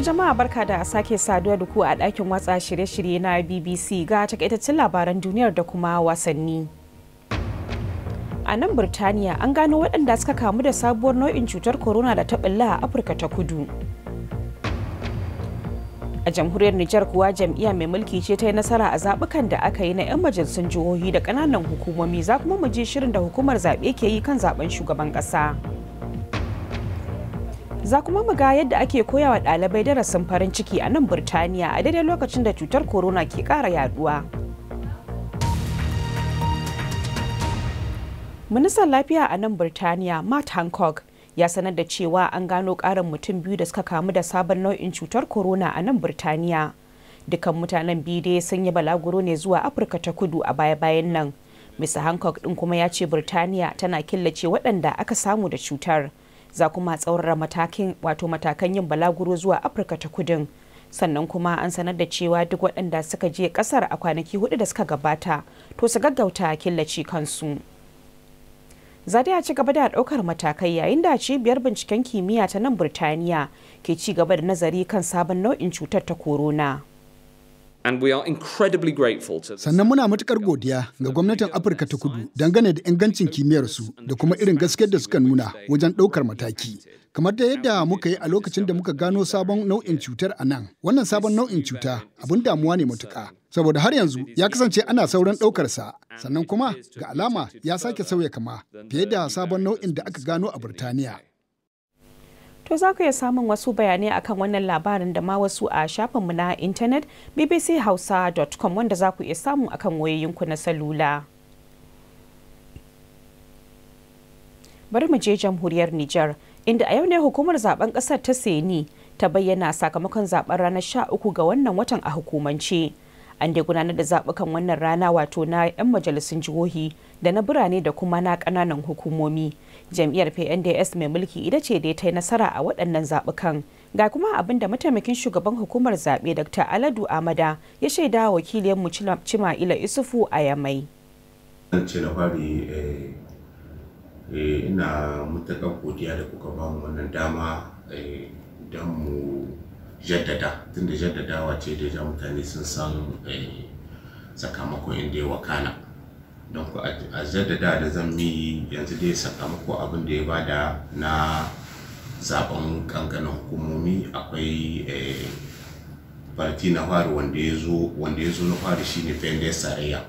jama'a barka da sake saduwa da ku a ɗakin watsa shirye-shirye na bbc ga takaitaccen labaran duniyar da kuma wasanni. a nan Birtaniya an gano waɗanda suka kamu da sabuwar nau'in cutar corona da ta ɓulla a Afirka ta kudu. A jamhuriyar Nijar kuwa jam'iyya mai mulki ce ta yi nasara a zaɓukan da aka yi na 'yan majalisun jihohi da ƙananan hukumomi za kuma mu je shirin da hukumar zaɓe ke yi kan zaɓen shugaban ƙasa. Za kuma mu ga yadda ake koya wa ɗalibai darasin farin ciki a nan Birtaniya a daidai lokacin da cutar corona ke ƙara yaduwa. ministan lafiya a nan birtaniya matt hancock ya sanar da cewa an gano karin mutum biyu da suka kamu da sabon nau'in cutar corona a nan birtaniya dukan mutanen biyu dai sun yi balaguro ne zuwa afirka ta kudu a baya-bayan nan mr hancock din kuma ya ce birtaniya tana killace waɗanda aka samu da cutar za kuma tsaurara matakin wato matakan yin balaguro zuwa afirka ta kudin sannan kuma an sanar da cewa duk waɗanda suka je ƙasar a kwanaki hudu da suka gabata to su gaggauta killace kansu. zade a ci gaba da ɗaukar matakai yayin da cibiyar binciken kimiyya ta nan Burtaniya ke ci gaba da nazari kan sabon nau'in cutar ta corona. Sannan muna matukar godiya ga gwamnatin Afirka ta kudu dangane da ingancin kimiyyarsu da kuma irin gaskiyar da suka nuna wajen ɗaukar mataki. Kamar da yadda muka yi a lokacin da muka gano sabon nau'in cutar a nan, wannan sabon nau'in cuta abin damuwa ne matuƙa. saboda har yanzu ya kasance ana sauran ɗaukarsa sannan kuma ga alama ya sake sauya kama fiye da sabon nau'in da aka gano a Burtaniya. To za ku iya samun wasu bayanai akan wannan labarin da ma wasu a shafinmu na intanet bbchausa.com wanda za ku iya samu akan wayoyinku na salula. Bari mu je jamhuriyar Nijar, inda a yau ne hukumar zaben kasar ta Seni ta bayyana sakamakon zaben ranar 13 ga wannan watan a hukumance. an dai gudanar da zaɓukan wannan rana wato na 'yan majalisun jihohi da na birane da kuma na ƙananan hukumomi jam'iyyar pnds mai mulki ita ce da ta yi nasara a waɗannan zaɓukan ga kuma abin da mataimakin shugaban hukumar zaɓe dr aladu amada ya shaida wakiliyanmu cima'ila isufu a yamai eh, eh, ina matuƙar godiya da kuka ba wannan dama eh, don mu jaddada tunda jaddadawa ce da ja mutane sun san eh, sakamakon inda ya wakana don ku a jaddada da zan mi yanzu dai sakamako abin da ya bada na zaben kankanin hukumomi akwai farti eh, na fari wanda ya zo wanda ya zo na fari shine pendes sarayya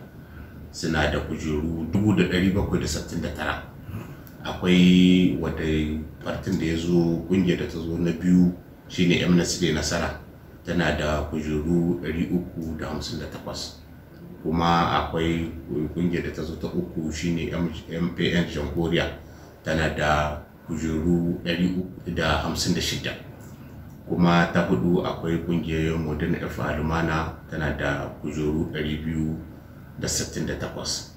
suna da kujeru 769 akwai wata fartin da ya zo kungiyar da ta zo na biyu shine amnesty da nasara tana da kujeru 358 kuma akwai kungiyar da ta zo ta uku shine mpn jamhuriya tana da kujeru 356 kuma ta hudu akwai kungiyar modern f alumana tana da kujeru 268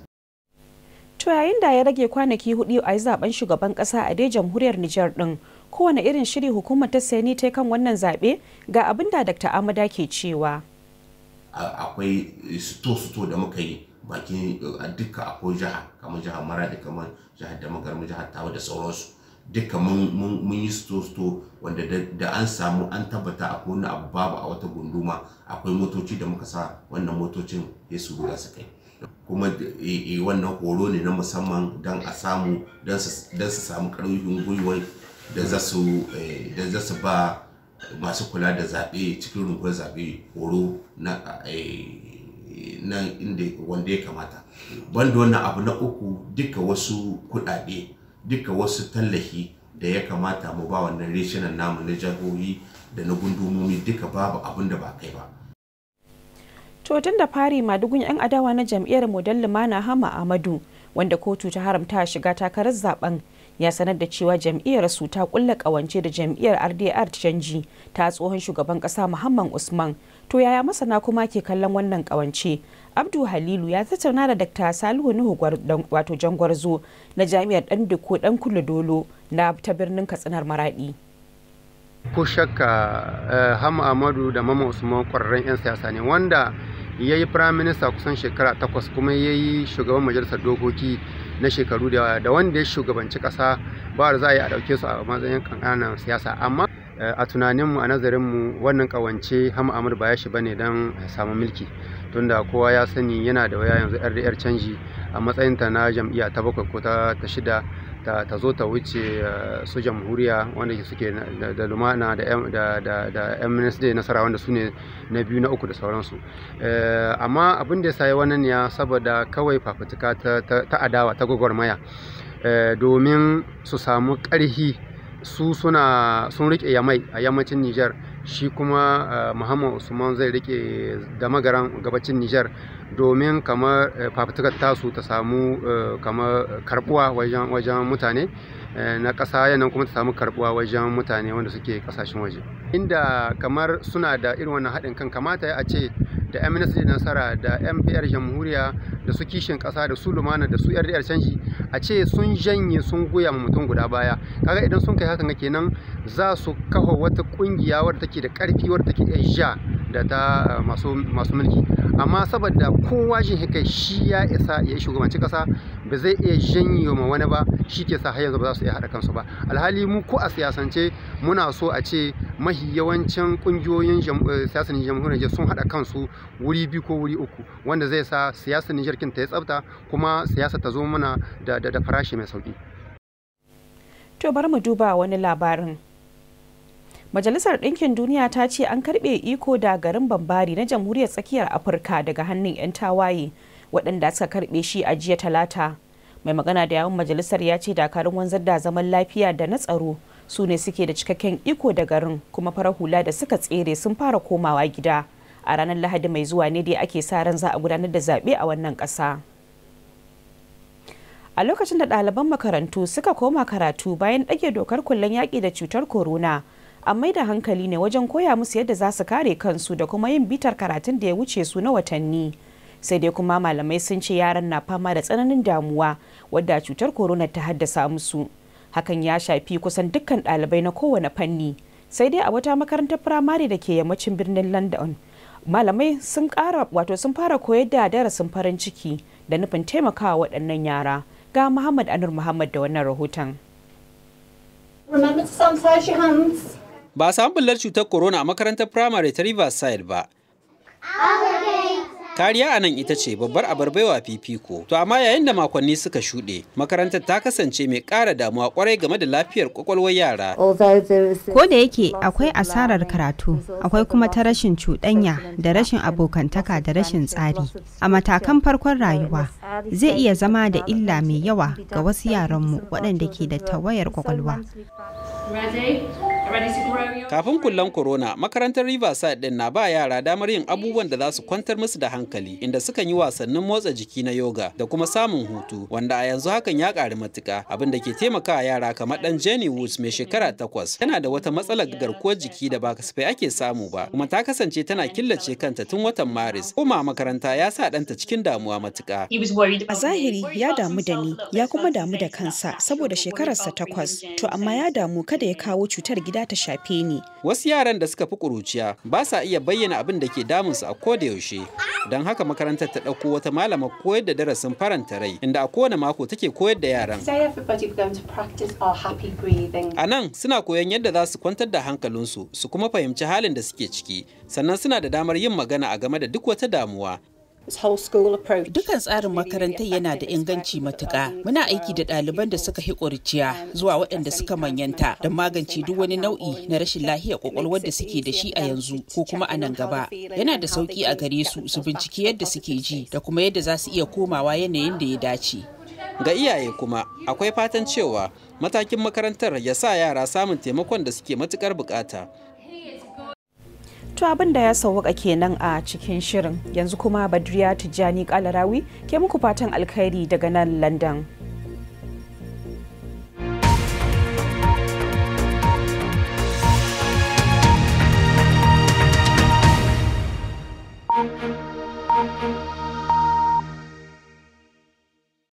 To yayin da ya rage kwanaki hudu a yi zaben shugaban kasa a dai jamhuriyar Nijar din kowane irin shiri hukumar ta sayani ta kan wannan zaɓe ga abin da Dr. Amada ke cewa. Akwai sito-sito da muka yi bakin duka akwai jiha kamar jihar da kamar jihar Damagarmu jihar Tawa da sauransu. duka mun yi sito-sito wanda da an samu an tabbata akwai wani abu babu a wata gunduma akwai motoci da muka sa wannan motocin ya su su kai kuma wannan horo ne na musamman don a samu don su samu karfin gwiwar eh, da za su ba masu kula da zaɓe cikin rumfar zaɓe horo na eh, inda wanda ya kamata banda wannan abu na uku duka wasu kuɗaɗe duka wasu tallafi da ya kamata mu ba wannan reshenan namu na jagohi da na gundumomi duka babu abin da ba kai ba To tun da fari madugun 'yan adawa na jam'iyyar model lumana hama Amadu wanda kotu ta haramta shiga takarar zaben ya sanar da cewa jam'iyyar su ta kulla kawance da jam'iyyar RDR canji ta tsohon shugaban kasa Muhammad Usman. To yaya masana kuma ke kallon wannan kawance? Abdu Halilu ya tattauna da Dr. Salihu Nuhu wato Jangwarzo na jami'ar Dan Diko Dan dolo na ta birnin Katsinar Maradi. Ko shakka eh, Hama Amadu da Mama Usman kwararren 'yan siyasa ne wanda ya yi prime minister kusan shekara takwas kuma ya yi shugaban majalisar dokoki na shekaru da wanda ya shugabanci kasa ba za a yi a ɗauke su a matsayin ƙanƙanan siyasa amma eh, a tunaninmu a nazarinmu wannan kawance hama amur ba ya shi bane don samun mulki tunda kowa ya sani yana da waya yanzu rdr canji a matsayinta na jam'iyya ta bakwai ko ta shida ta zo ta wuce eh, su jamhuriya wanda suke da lumana da mnsd nasara wanda su ne na biyu na uku da sauransu eh, amma abin da ya sayi wannan ya saboda kawai fafutuka ta adawa ta gwagwarmaya eh, domin su samu ƙarhi su suna sun riƙe yamai a yammacin Nijar. shi kuma eh, muhammad usman zai rike da magaran gabacin nijar domin kamar eh, fafutukar tasu ta samu eh, kamar karbuwa wajen mutane na ƙasa yanan kuma ta samu karbuwa wajen mutane wanda suke ƙasashen waje inda kamar suna da irin wannan haɗin kan kamata a ce da yan ministry nasara da yan pr jamhuriya da su kishin kasa da su lumana da su da canji a ce sun janye sun goya ma mutum guda baya kaga idan sun kai hakan kenan za su kafa wata kungiya wadda take da karfi wadda take iya ja da ta eh, masu mulki amma saboda kowa shi kai shi ya isa ya shugabanci kasa ba zai iya janyo ma wani ba shi ke sa yanzu ba za su iya haɗa kansu ba alhali mu ko a siyasance muna so a ce mahi yawancin ƙungiyoyin eh, siyasar jamhuriyar Nijar sun haɗa kansu wuri biyu ko wuri uku wanda zai sa siyasar Nijar kinta ya tsafta kuma siyasa ta zo mana da, da farashi mai sauƙi. To bari mu duba wani labarin. Majalisar Ɗinkin Duniya ta ce an karɓe iko da garin Bambari na Jamhuriyar Tsakiyar Afirka daga hannun 'yan tawaye waɗanda suka karɓe shi a jiya talata. mai magana da yawun majalisar ya ce dakarun wanzar da zaman lafiya da na tsaro su ne suke da cikakken iko da garin kuma farar hula da suka tsere sun fara komawa gida a ranar lahadi mai zuwa ne dai ake sa ran za a gudanar da zaɓe a wannan ƙasa a lokacin da ɗaliban makarantu suka koma karatu bayan ɗage dokar kullen yaƙi da cutar korona an mai da hankali ne wajen koya musu yadda za su kare kansu da kuma yin bitar karatun da ya wuce su na watanni sai dai kuma malamai sun ce yaran na fama da tsananin damuwa wadda cutar korona ta haddasa musu hakan ya shafi kusan dukkan dalibai na kowane fanni sai dai a wata makarantar firamare da ke yammacin birnin london malamai sun kara wato sun fara koyar da darasin farin ciki da nufin taimakawa waɗannan yara ga muhammad anur muhammad da wannan rahoton ba a samu bullar cutar corona a makarantar firamare ta riverside ba Kariya a nan ita ce babbar abar baiwa fifiko. To amma yayin da makonni suka shuɗe, makarantar ta kasance mai ƙara damuwa kwarai game da lafiyar kwakwalwar yara. Ko da yake akwai asarar karatu, akwai kuma ta rashin cuɗanya da rashin abokantaka da rashin tsari. A matakan farkon rayuwa, zai iya zama da illa mai yawa ga wasu yaranmu waɗanda ke da tawayar kwakwalwa. Kafin kullan corona, makarantar Riverside din na ba yara damar yin abubuwan da za su kwantar musu da hankali, inda sukan yi wasannin motsa jiki na yoga da kuma samun hutu, wanda a yanzu hakan ya ƙari matuka abin da ke taimakawa yara kamar ɗan Jenny Woods mai shekara takwas. Tana da wata matsalar garkuwar jiki da ba kasafai ake samu ba, kuma ta kasance tana killace kanta tun watan Maris. Kuma makaranta ya sa ɗanta cikin damuwa matuka. A zahiri ya damu da ni, ya kuma damu da kansa saboda shekararsa takwas. To amma ya damu kada ya kawo cutar gida gida ta shafe ni. Wasu yaran da suka fi ƙuruciya ba sa iya bayyana abin da ke damunsu a koda yaushe. Don haka makarantar ta ɗauko wata malama koyar da darasin faranta rai inda a kowane mako take koyar da yaran. A nan suna koyon yadda za su kwantar da hankalinsu su kuma fahimci halin da suke ciki sannan suna da damar yin magana a game da duk wata damuwa Dukan tsarin makarantar yana da inganci matuƙa. Muna aiki da ɗaliban da suka ƙuriciya um, zuwa waɗanda suka manyanta don magance duk wani nau'i na rashin lahiya ƙwaƙwalwar da suke da shi a yanzu ko kuma a nan gaba. Yana da sauƙi a gare su su binciki yadda suke ji da kuma yadda za su iya komawa yanayin da ya dace. Ga iyaye kuma akwai fatan cewa matakin makarantar ya sa yara samun taimakon da suke matuƙar buƙata. To abin da ya sauwaka kenan a cikin shirin yanzu kuma Badriya Tijjani Kalarawi ke muku fatan alkhairi daga nan London.